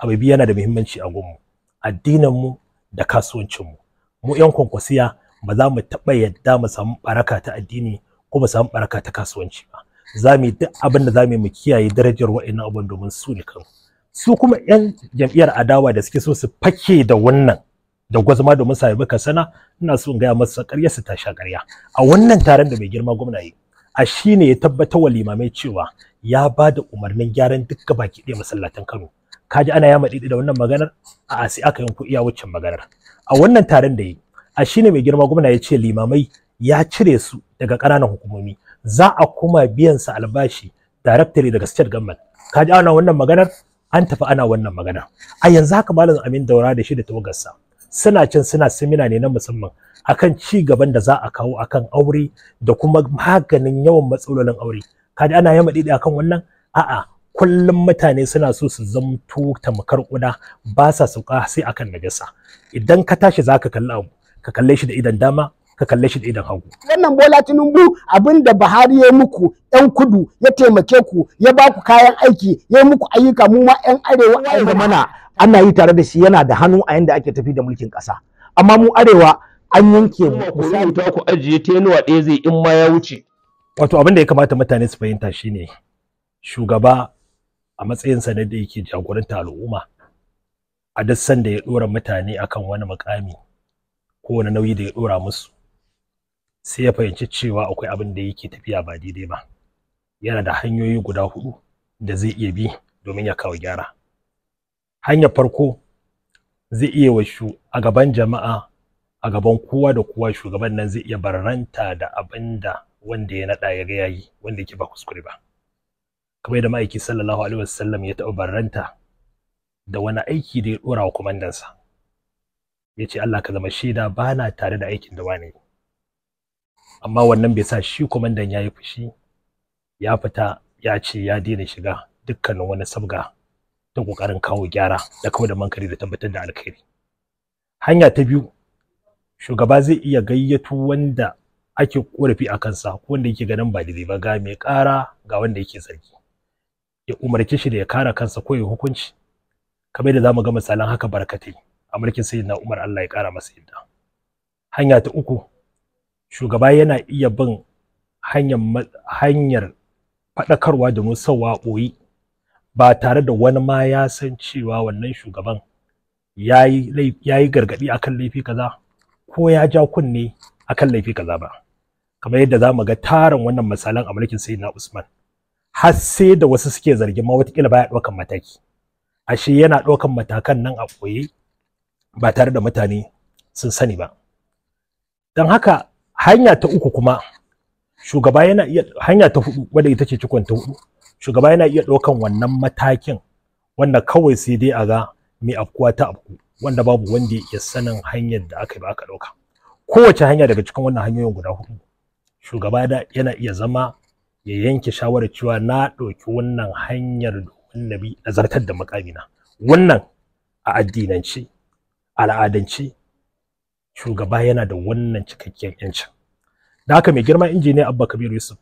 abu biyu yana da muhimmanci a gunmu addinin mu da kasuwancinmu mu yan kwankwasiya ba za mu taɓa yadda mu samu baraka ta addini ko mu samu baraka ta kasuwanci ba za mu yi duk abin da za mu yi mu kiyaye darajar wa'annan abin domin su ne kan su kuma yan jam'iyyar adawa da suke so su fake da wannan da gwazma domin sa yabi sana ina so in gaya masa ƙarya su ta sha ƙarya a wannan taron da mai girma gwamna yi a shine ya tabbatar wa limamai cewa ya ba da umarnin gyaran duk gabaki ɗaya masallatan Kano kaji ana yama didi da wannan maganar a sai aka ku iya waccan maganar a wannan taron da yi a shine mai girma gwamna ya ce limamai ya cire su daga ƙananan hukumomi za a kuma biyan su albashi directory daga state government kaji ana wannan maganar an tafi ana wannan magana a yanzu haka malam Amin Daura da shi da tawagarsa suna cin suna semina ne na musamman akan ci gaban da za a kawo akan aure da kuma maganin yawan matsalolin aure kaji ana yama didi akan wannan a'a kullum mutane suna so su zamto tamkar kuda ba sa sauka sai akan najasa idan ka tashi zaka kalli abu ka kalle shi da idan dama ka kalle shi da idan hagu wannan bola tinubu abin da bahari ya muku yan kudu ya taimake ku ya ba ku kayan aiki ya muku ayyuka mu ma yan arewa a mana ana yi tare da shi yana da hannu a yanda ake tafi da mulkin kasa amma mu arewa an yanke mu misali ta ku ajiye tenuwa ɗaya zai in ma ya wuce wato abin da ya kamata mutane su fahimta shine shugaba a matsayinsa ne da yake jagoranta al'umma a duk sanda ya dora mutane akan wani makami ko wani nauyi da ya dora musu sai ya fahimci cewa akwai abin da yake tafiya ba daidai ba yana da hanyoyi guda hudu da zai iya bi domin ya kawo gyara hanyar farko zai iya wa a gaban jama'a a gaban kowa da kowa shugaban nan zai iya barranta da abin da wanda ya naɗa ya ga yayi wanda yake ba kuskure ba kamar da ma'aiki sallallahu alaihi wasallam ya taɓa barranta da wani aiki da ya ɗora wa kumandansa ya ce Allah ka zama shaida ba na tare da aikin da wane amma wannan bai sa shi kwamandan ya yi fushi ya fita ya ce ya daina shiga dukkanin wani sabga ta ƙoƙarin kawo gyara da kawai da mankari da tabbatar da alkhairi hanya ta biyu shugaba zai iya gayyato wanda ake ƙorafi a kansa ko wanda yake ganin ba daidai ba ga mai ƙara ga wanda yake zargi ya umarce shi da ya kare kansa ko ya hukunci kamar da zamu ga misalan haka barkatai a mulkin sayyidina Umar Allah ya kara masa yadda hanya ta uku shugaba yana iya bin hanyar hanyar faɗakarwa da musawa koyi ba tare da wani ma ya san cewa wannan shugaban yayi yi gargaɗi akan laifi kaza ko ya ja kunne akan laifi kaza ba kamar yadda za mu ga tarin wannan misalan a mulkin sayyidina Usman har sai da wasu suke zargin ma kila baya ɗaukan mataki ashe yana ɗaukan matakan nan a ɓoye ba tare da mutane sun sani ba don haka hanya ta uku kuma shugaba yana iya hanya ta hudu wadda ita ce cikon ta hudu shugaba yana iya ɗaukan wannan matakin wanda kawai sai dai a ga mai afkuwa ta afku wanda babu wanda ya sanin hanyar da aka yi ba aka ɗauka kowace hanya daga cikin wannan hanyoyin guda hudu shugaba yana iya zama ya yanke shawarar cewa na ɗauki wannan hanyar domin na bi nazartar da makamina wannan a addinance al'adance shugaba yana da wannan cikakken yancin da haka mai girma injiniya abba kabir yusuf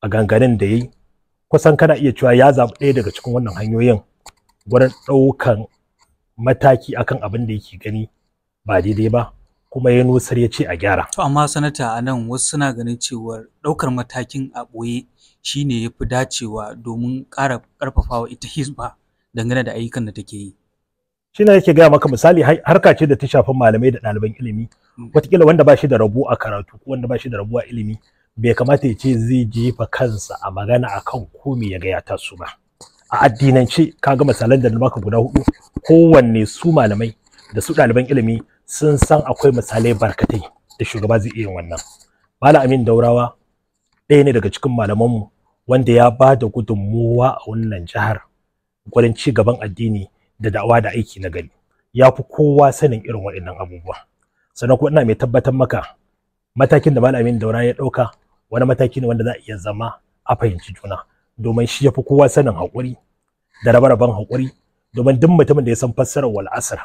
a ganganin da ya yi kusan kana iya cewa ya zaɓi ɗaya daga cikin wannan hanyoyin wurin ɗaukan mataki akan abin da yake gani ba daidai ba kuma ya nusar ya ce a gyara. To amma sanata a nan wasu suna ganin cewar ɗaukar matakin a ɓoye ne ya fi dacewa domin ƙara ƙarfafawa ita hizba dangane da ayyukan da take yi. Shi na yake gaya maka misali harka ce da ta shafi malamai da ɗaliban ilimi mm. wataƙila wanda ba shi da rabu a karatu wanda ba shi da rabu a ilimi bai kamata ya ce zai jefa kansa a magana a kan komai ya gaya ta su ba. a addinance ka kaga misalan da na baka guda hudu kowanne su malamai da su ɗaliban ilimi sun san akwai misalai barkatai da shugaba zai iya wannan malam amin daurawa ɗaya ne daga cikin malamanmu wanda ya ba da gudunmuwa a wannan jihar gurin ci gaban addini da da'awa da aiki na gari ya fi kowa sanin irin waɗannan abubuwa sannan kuma ina mai tabbatar maka matakin da Amin daura ya ɗauka wani mataki ne wanda za a iya zama a fahimci juna domin shi ya fi kowa sanin haƙuri da rabe-raben haƙuri domin duk mutumin da ya san fassarar wal'asar.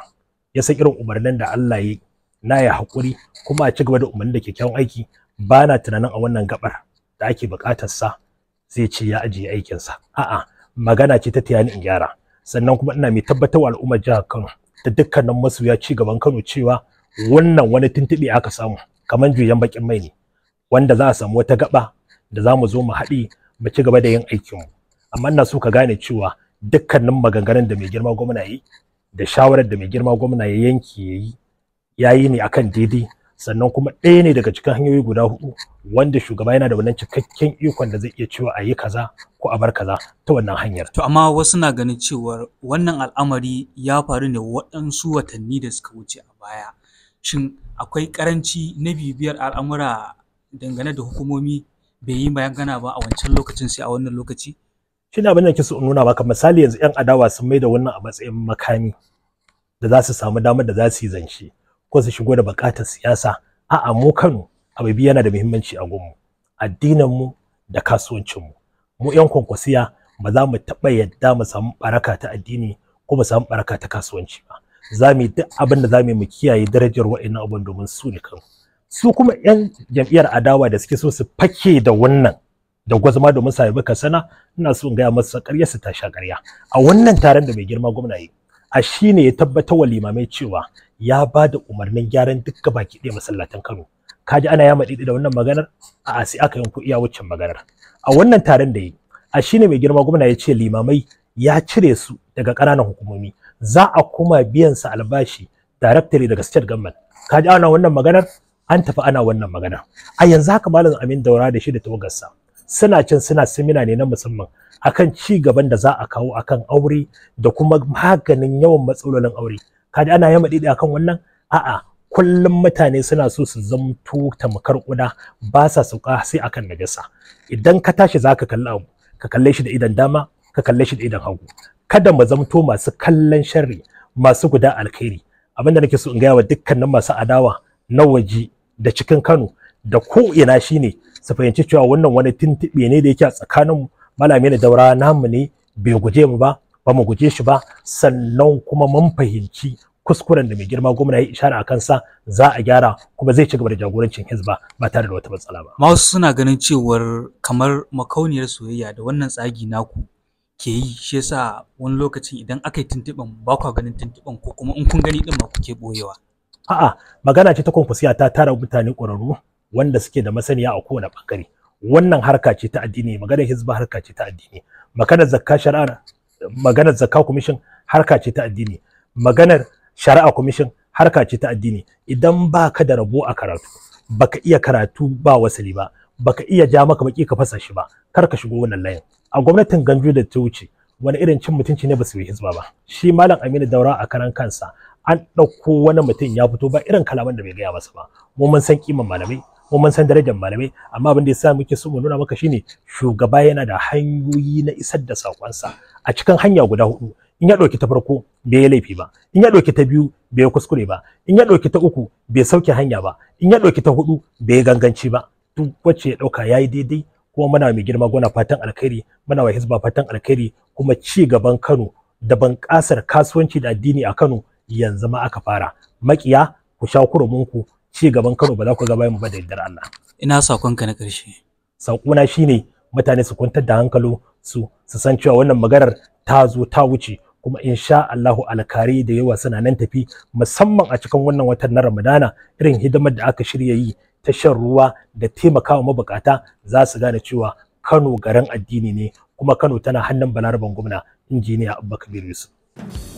ya san irin umarnin da Allah ya na ya haƙuri kuma a ci gaba da umarnin da kyakkyawan aiki ba na tunanin a wannan gabar da ake buƙatar sa zai ce ya ajiye aikinsa a'a magana ce ta tayani in gyara sannan kuma ina mai wa al'ummar jihar Kano da dukkanin masoya ci gaban Kano cewa wannan wani tuntuɓe aka samu kamar juyan bakin mai ne wanda za a samu wata gaba da za mu zo mu haɗi mu ci gaba da yin aikinmu amma ina so ka gane cewa dukkanin maganganun da mai girma gwamna da shawarar da mai girma gwamna ya yanke yayi yayi ne akan daidai sannan kuma ɗaya ne daga cikin hanyoyi guda hudu wanda shugaba yana da wannan cikakken ikon da zai iya cewa a yi kaza ko a bar kaza ta wannan hanyar. To amma wasu na ganin cewar wannan al'amari ya faru ne waɗansu watanni da suka wuce a baya. Shin akwai karanci na bibiyar al'amura dangane da hukumomi bai yi bayan gana ba a wancan lokacin sai a wannan lokaci? shi ne abin da kisa nuna maka misali yanzu yan adawa sun da wannan a matsayin makami da za su samu damar da za su yi zance ko su shigo da bukatar siyasa a'a mu Kano abu yana da muhimmanci a gunmu addinin mu da kasuwancin mu mu yan kwankwasiya ba za mu taɓa yadda mu samu baraka ta addini ko mu samu baraka ta kasuwanci ba za mu yi duk abin da za mu mu kiyaye darajar wa'annan abin domin su ne kanu su kuma yan jam'iyyar adawa da suke so su fake da wannan da gwazma domin sa baka sana ina so in gaya masa ƙarya su ta ƙarya a wannan taron da mai girma gwamna yi a shine ya tabbatar wa limamai cewa ya ba da umarnin gyaran dukkan baki ɗaya masallatan Kano kaji ana yama ɗiɗi da wannan maganar a sai aka yanko iya waccan maganar a wannan taron da yi a shine mai girma gwamna ya ce limamai ya cire su daga ƙananan hukumomi za a kuma biyan su albashi directory daga state government kaji ana wannan maganar an tafi ana wannan maganar. a yanzu haka malam Amin Daura da shi da tawagarsa suna cin suna simina ne na musamman akan ci gaban da za a kawo akan aure da kuma maganin yawan matsalolin aure kaji ana yama dide akan wannan a'a kullum mutane suna so su zamto tamkar kuda ba sa sauka sai akan najasa idan ka tashi zaka kalli abu ka kalle shi da idan dama ka kalle shi da idan hagu kada mu zamto masu kallon sharri masu guda alkhairi da nake so in gaya wa dukkanin masu adawa na waje da cikin Kano da ko ina shine su fahimci cewa wannan wani tuntuɓe ne da yake a tsakanin malami da daura namu ne bai guje mu ba ba mu guje shi ba sannan kuma mun fahimci kuskuren da mai girma gwamna ya ishara a kansa za a gyara kuma zai ci gaba da jagorancin hizba ba tare da wata matsala ba. Masu suna ganin cewar kamar makauniyar soyayya da wannan tsagi naku ke yi shi yasa wani lokacin idan aka yi tuntuɓin ba kwa ganin tuntuɓin ko kuma in kun gani din ma kuke boyewa. A'a magana ce ta kwankwasiya ta tara mutane ƙwararru wanda suke da masaniya a kowane bangare wannan harka ce ta addini maganar hizba harka ce ta addini maganar zakka shari'a maganar zakka commission harka ce ta addini maganar shari'a commission harka ce ta addini idan baka da rabo a karatu baka iya karatu ba wasali ba baka iya ja maka baki ka fasa shi ba kar ka shigo wannan layin a gwamnatin Ganju da ta wuce wani irin cin mutunci ne ba su yi hizba ba shi malam Aminu Daura a karan kansa an ɗauko wani mutum ya fito ba irin kalaman da bai gaya masa ba mu mun san kiman malamai kuma mun san darajar malamai amma abin da yasa muke so mu nuna maka shine shugaba yana da hanyoyi na isar da sakonsa a cikin hanya guda hudu in ya ɗauki ta farko bai laifi ba in ya ɗauki ta biyu bai kuskure ba in ya ɗauki ta uku bai sauke hanya ba in ya ɗauki ta hudu bai ganganci ba duk wacce ya ɗauka yayi daidai kuma muna mai girma gona fatan alkhairi muna wa hizba fatan alkhairi kuma ci gaban Kano da bunƙasar kasuwanci da addini a Kano yanzu ma aka fara makiya ku sha kurumin ci gaban Kano ba za ku ga bayan mu ba da yardar Allah ina sakonka na ƙarshe sakona shine mutane su kwantar da hankalo su su san cewa wannan maganar ta zo ta wuce kuma insha Allahu alkari da yawa suna nan tafi musamman a cikin wannan watan na Ramadana irin hidimar da aka shirya yi ta shan ruwa da taimakawa mabukata za su gane cewa Kano garin addini ne kuma Kano tana hannun Balaraban gwamna injiniya Abubakar Yusuf